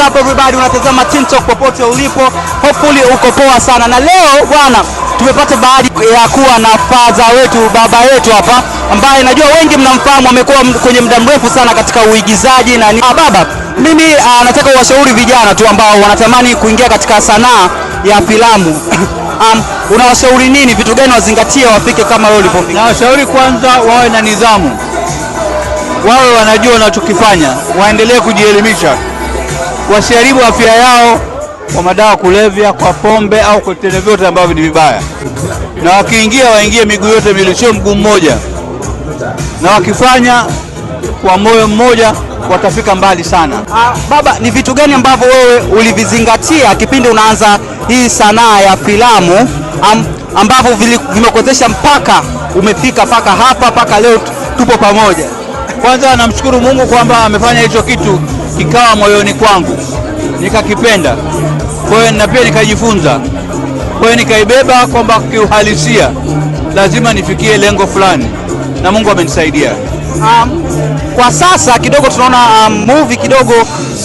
up everybody, unatazama Team popote ulipo, hopefully uko poa sana. Na leo bwana, tumepata baadhi ya kuwa na faza wetu baba yetu hapa, ambaye najua wengi mnamfahamu, amekuwa kwenye muda mrefu sana katika uigizaji na ni... Ah, baba, mimi uh, nataka uwashauri vijana tu ambao wanatamani kuingia katika sanaa ya filamu um, unawashauri nini? Vitu gani wazingatie wafike kama wewe ulivyofika? Nawashauri kwanza wawe na nidhamu, wawe wanajua wanachokifanya, waendelee kujielimisha wasiharibu afya yao kwa madawa kulevya, kwa pombe au kwa vitendo vyote ambavyo ni vibaya, na wakiingia waingie miguu yote miwili, sio mguu mmoja, na wakifanya kwa moyo mmoja watafika mbali sana. Ah, baba, ni vitu gani ambavyo wewe ulivizingatia kipindi unaanza hii sanaa ya filamu am, ambavyo vimekuwezesha mpaka umefika mpaka hapa mpaka leo tupo pamoja? Kwanza namshukuru Mungu kwamba amefanya hicho kitu kikawa moyoni kwangu, nikakipenda. Kwa hiyo na pia nikajifunza, kwa hiyo nikaibeba kwamba kiuhalisia lazima nifikie lengo fulani, na Mungu amenisaidia. Um, kwa sasa kidogo tunaona um, movie kidogo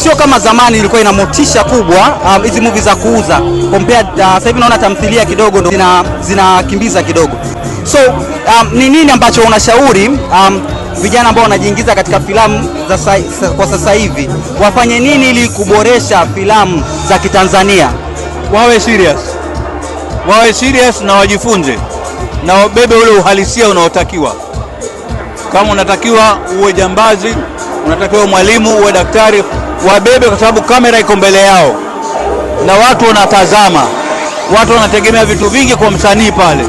sio kama zamani ilikuwa ina motisha kubwa um, hizi um, movie za kuuza kompea uh, sasa hivi naona tamthilia kidogo zinakimbiza zina kidogo. So um, ni nini ambacho unashauri um, vijana ambao wanajiingiza katika filamu za sa, sa, kwa sasa hivi wafanye nini ili kuboresha filamu za Kitanzania? Wawe serious, wawe serious na wajifunze na wabebe ule uhalisia unaotakiwa. Kama unatakiwa uwe jambazi, unatakiwa mwalimu, uwe daktari, wabebe, kwa sababu kamera iko mbele yao na watu wanatazama, watu wanategemea vitu vingi kwa msanii pale.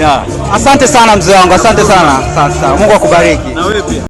Yeah. Asante sana mzee wangu, asante sana. Sasa Mungu akubariki. Na wewe pia.